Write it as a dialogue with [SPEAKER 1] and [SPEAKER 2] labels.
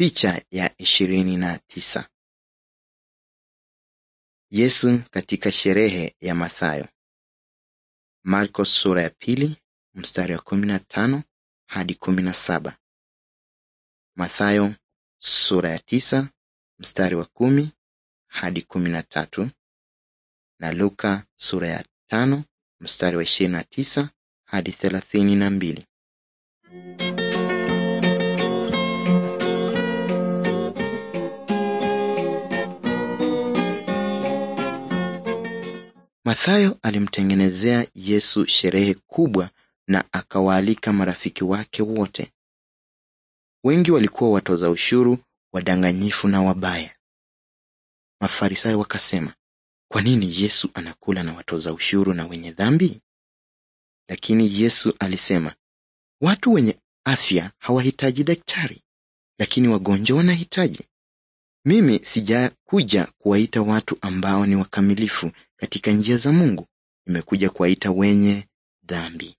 [SPEAKER 1] Picha ya ishirini na tisa. Yesu
[SPEAKER 2] katika sherehe ya Mathayo. Marko sura ya pili mstari wa kumi na tano hadi kumi na saba. Mathayo sura ya tisa mstari wa kumi hadi kumi na tatu na Luka sura ya tano mstari wa ishirini na tisa hadi thelathini na mbili. Mathayo alimtengenezea Yesu sherehe kubwa na akawaalika marafiki wake wote. Wengi walikuwa watoza ushuru, wadanganyifu na wabaya. Mafarisayo wakasema, kwa nini Yesu anakula na watoza ushuru na wenye dhambi? Lakini Yesu alisema, watu wenye afya hawahitaji daktari, lakini wagonjwa wanahitaji. Mimi sijakuja kuwaita watu ambao ni wakamilifu, katika njia za Mungu, imekuja kuwaita wenye dhambi.